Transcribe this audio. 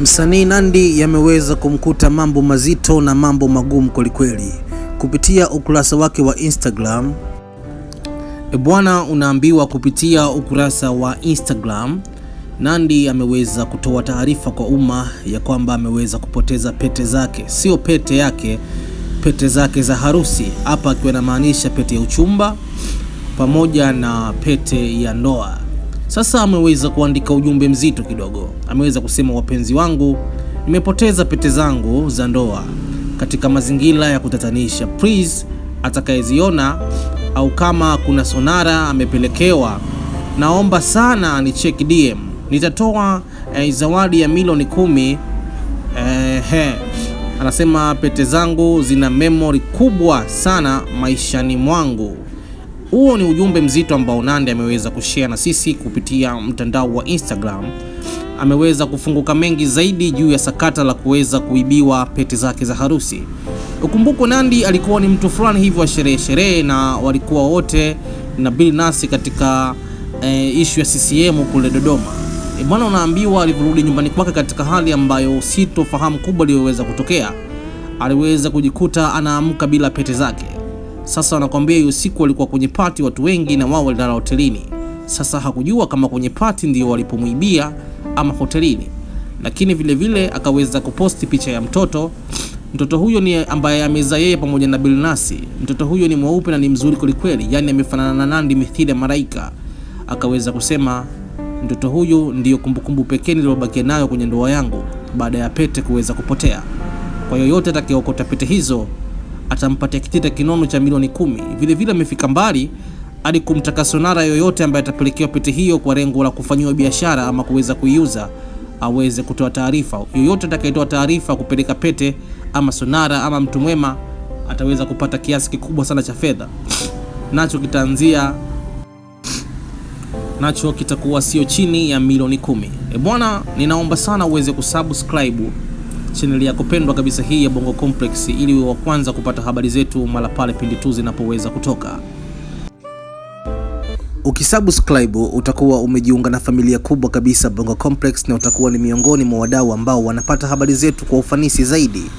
Msanii Nandy yameweza kumkuta mambo mazito na mambo magumu kwelikweli. Kupitia ukurasa wake wa Instagram, e bwana, unaambiwa kupitia ukurasa wa Instagram Nandy ameweza kutoa taarifa kwa umma ya kwamba ameweza kupoteza pete zake, sio pete yake, pete zake za harusi, hapa akiwa anamaanisha pete ya uchumba pamoja na pete ya ndoa. Sasa ameweza kuandika ujumbe mzito kidogo. Ameweza kusema, wapenzi wangu, nimepoteza pete zangu za ndoa katika mazingira ya kutatanisha. Please, atakayeziona au kama kuna sonara amepelekewa, naomba sana ni check DM. Nitatoa eh, zawadi ya milioni kumi. Eh, he. Eh. Anasema pete zangu zina memory kubwa sana maishani mwangu. Huo ni ujumbe mzito ambao Nandy ameweza kushare na sisi kupitia mtandao wa Instagram. Ameweza kufunguka mengi zaidi juu ya sakata la kuweza kuibiwa pete zake za harusi. Ukumbukwe, Nandy alikuwa ni mtu fulani hivyo wa sherehe sherehe, na walikuwa wote na bili nasi katika e, eh, ishu ya CCM kule Dodoma. E, bwana, unaambiwa alivyorudi nyumbani kwake katika hali ambayo sitofahamu kubwa iliyoweza kutokea, aliweza kujikuta anaamka bila pete zake. Sasa anakwambia hiyo siku walikuwa kwenye pati watu wengi, na wao walilala hotelini. Sasa hakujua kama kwenye pati ndio walipomwibia ama hotelini, lakini vilevile akaweza kuposti picha ya mtoto. Mtoto huyo ni ambaye ameza yeye pamoja na Bilnasi. Mtoto huyo ni mweupe na ni mzuri kwelikweli, yaani amefanana na Nandi mithili ya malaika. Akaweza kusema mtoto huyu ndiyo kumbukumbu pekee niliyobakia nayo kwenye ndoa yangu baada ya pete kuweza kupotea. Kwa yoyote atakayeokota pete hizo atampatia kitita kinono cha milioni kumi. Vilevile amefika mbali hadi kumtaka sonara yoyote ambaye atapelekewa pete hiyo kwa lengo la kufanyiwa biashara ama kuweza kuiuza aweze kutoa taarifa. Yoyote atakayetoa taarifa kupeleka pete ama sonara ama mtu mwema ataweza kupata kiasi kikubwa sana cha fedha, nacho kitaanzia nacho kitakuwa sio chini ya milioni kumi. E bwana, ninaomba sana uweze kusubscribe chaneli yako pendwa kabisa hii ya Bongo Complex, ili uwe wa kwanza kupata habari zetu mara pale pindi tu zinapoweza kutoka. Ukisubscribe utakuwa umejiunga na familia kubwa kabisa Bongo Complex, na utakuwa ni miongoni mwa wadau ambao wanapata habari zetu kwa ufanisi zaidi.